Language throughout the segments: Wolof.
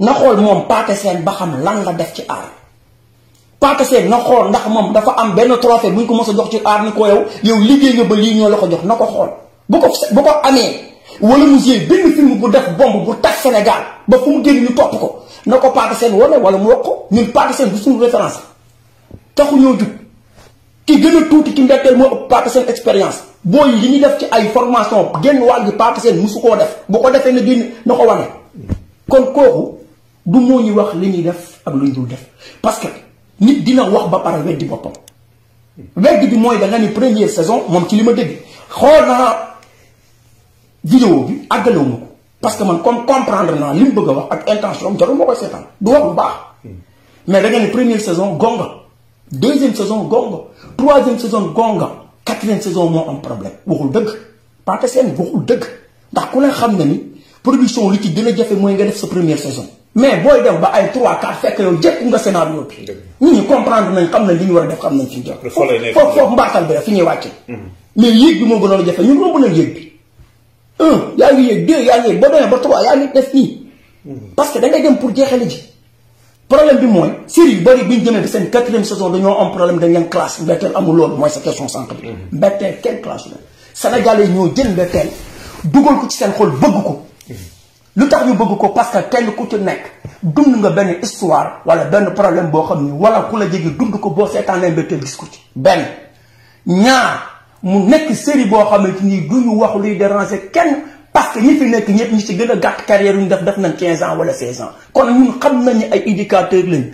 na xool moom Pathé Sène ba xam lan la def ci aar Pathé Sène na xool ndax moom dafa am benn trophée bu ñu ko mos a jox ci aar ni ko yow yow liggéey nga ba lii ñoo la ko jox na ko xool bu ko bu ko amee wala mu jiyee benn film bu def bomb bu tax Sénégal ba fu mu génn ñu topp ko na ko Pathé Sène wane wala mu wax ko ñun Pathé Sène du suñu référence taxu ñoo jub ki gën a tuuti ci mbetteel moo ëpp Pathé Sène expérience booy li ñu def ci ay formation génn wàll gi Pathé Sène su koo def bu ko defee na génn na ko wane kon kooku du moo ñu wax li ñuy def ak lu ñu dul def parce que nit dina wax ba pare weddi boppam weddi bi mooy da nga ni première saison moom ci li ma dégg xool naa vidéo bi àggalewu ma ko parce que man comme comprendre naa li mu bëgg a wax ak intention jarul moo koy seetaan du wax bu baax mais da ni première saison gonga deuxième saison gonga troisième saison gonga quatrième saison moo am problème waxul dëgg Pathé Sène waxul dëgg ndax ku ne xam na ni production li ci gën a jafe mooy nga def sa première mais booy dem ba ay 3 4 fekk yow jëkku nga scénario bi. nit ñi comprendre nañ xam nañ li ñu war a def xam nañ fi ñu jot. foofu foofu mbaatal bi rek fi ñuy wàcce. Mhm. mais yéeg bi moo a jafe ñun moo gën a yéeg bi. ngi yéeg deux yaa ngi yéeg ba demee ba trois yaa ngi def nii. Mhm. parce que da ngay dem pour ji. problème bi mooy série yu bari bi ñu jëmee ba seen quatrième saison dañoo am problème dañ leen classe mbetteel amul loolu mooy sa question sànq bi. Mhm. mbetteel kenn classe la Sénégalais ñoo jël mbetteel dugal ko ci seen xol bëgg ko lu tax ñu bëgg ko parce que kenn ku ci nekk dund nga benn histoire wala benn problème boo xam ni wala ku la jege dund ko boo seetaanee mbégte gis ko ci. benn ñaar mu nekk série boo xamante ni du ñu wax luy déranger kenn parce que ñi fi nekk ñëpp ñi ci gën a gàtt carrière yu ñu def def nañ 15 ans wala 16 ans kon ñun xam nañu ay éducateur lañ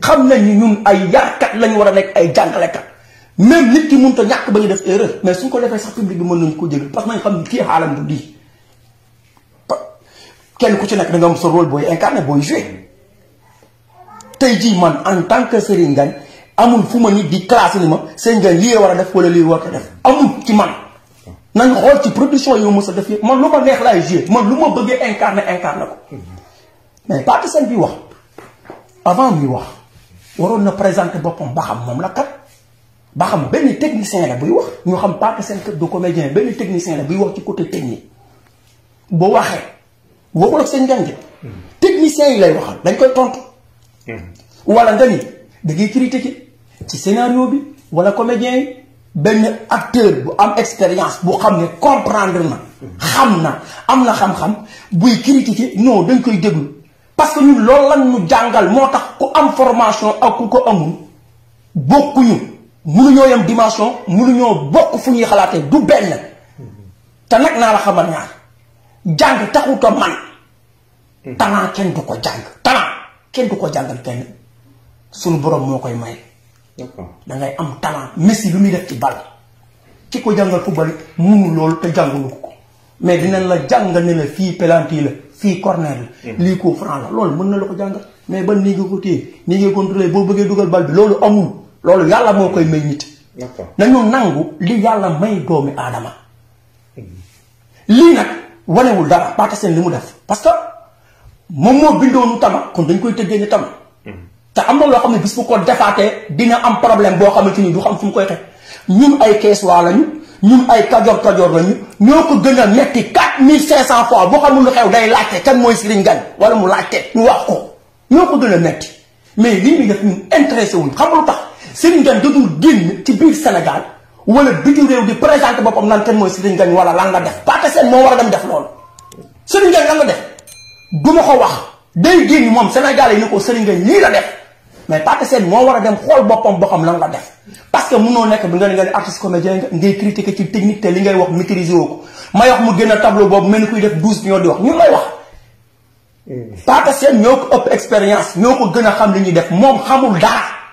xam nañu ñun ay yarkat lañu war a nekk ay jàngalekat. même nit ki mënut a ñàkk ba ñu def erreur mais ko defee sax public ko jégal parce que nañ xam ni kii kenn ku ci nekk da nga am sa rôle booy incarné booy joué tey jii man en tant que Serigne Ngagne amul fu ma nit di classé ma Serigne Ngagne lii war a def wala lii war a def amul ci man nañ xool ci production yow mos a def yëpp man lu ma neex laay joué man lu ma bëggee incarné incarné ko mais partisan bi wax avant muy wax waroon na présenter boppam ba xam moom la kat ba xam benn technicien la buy wax ñu xam partisan kat du comédien benn technicien la buy wax ci côté technique boo waxee. waxul ak seen njàng. techniciens yi lay waxal dañ koy tontu. wala nga ni da ngay critiquer ci scénario bi wala comédien yi benn acteur bu am expérience bu xam ne comprendre na. xam na am na xam-xam buy critiquer non dañ koy déglu parce que ñun loolu lan ñu jàngal moo tax ku am formation ak ku ko amul bokkuñu. mënuñoo yam dimension mënuñoo bokk fu ñuy xalaatee du benn te nag naa la xamal ñaar. jàng taxut a man hmm. talent kenn du ko jàng talent kenn du ko jàngal kenn suñu borom moo koy may da ngay am talent Messi lu muy def ci bal ki ko jàngal football munu loolu te jàngulu ko mais dinañ la jàngal ne la fii pelanti la fii corner la hmm. lii coup franc la loolu mën na la ko jàngal mais ba nii nga ko téye nii nga contrôlé boo bëggee dugal bal bi loolu amul loolu yàlla moo koy may nit nañu nangu li yàlla may doomi aadama hmm. lii nag wanewul dara Pathé Sène li mu def parce que moom moo bindoonu tama kon dañ koy tëggee ni tama te am na loo xam ne bis bu ko defaatee dina am problème boo xamante ni du xam fu mu koy xeex ñun ay kees waa lañu ñun ay kajoor kajoor lañu ñoo ko gën a metti quatre mille cinq cent fois boo xam xamul lu xew day laajte kan mooy Serigne Ngagne wala mu laajte ñu wax ko ñoo ko gën a metti mais lii ñu def ñun intéressé wuñ xam lu tax Serigne Ngagne da génn ci biir Sénégal wala bitim réew di présenté boppam nan kenn mooy Serigne Ngagne wala lan la def Pathé Sène moo war a dem def loolu Serigne Ngagne lan la def du ko wax day génn moom Sénégalais yi ni ko Serigne Ngagne lii la def mais Pathé Sène moo war a dem xool boppam boo xam lan la def parce que mënoo nekk bi nga ne nga ne artiste comédien ngay critiquer ci technique te li ngay wax maîtriser woo ko may wax mu gën a tableau boobu mel ni kuy def douze millions di wax ñun lay wax hmm. Pathé ëpp expérience ñoo ko gën xam li ñuy def moom xamul dara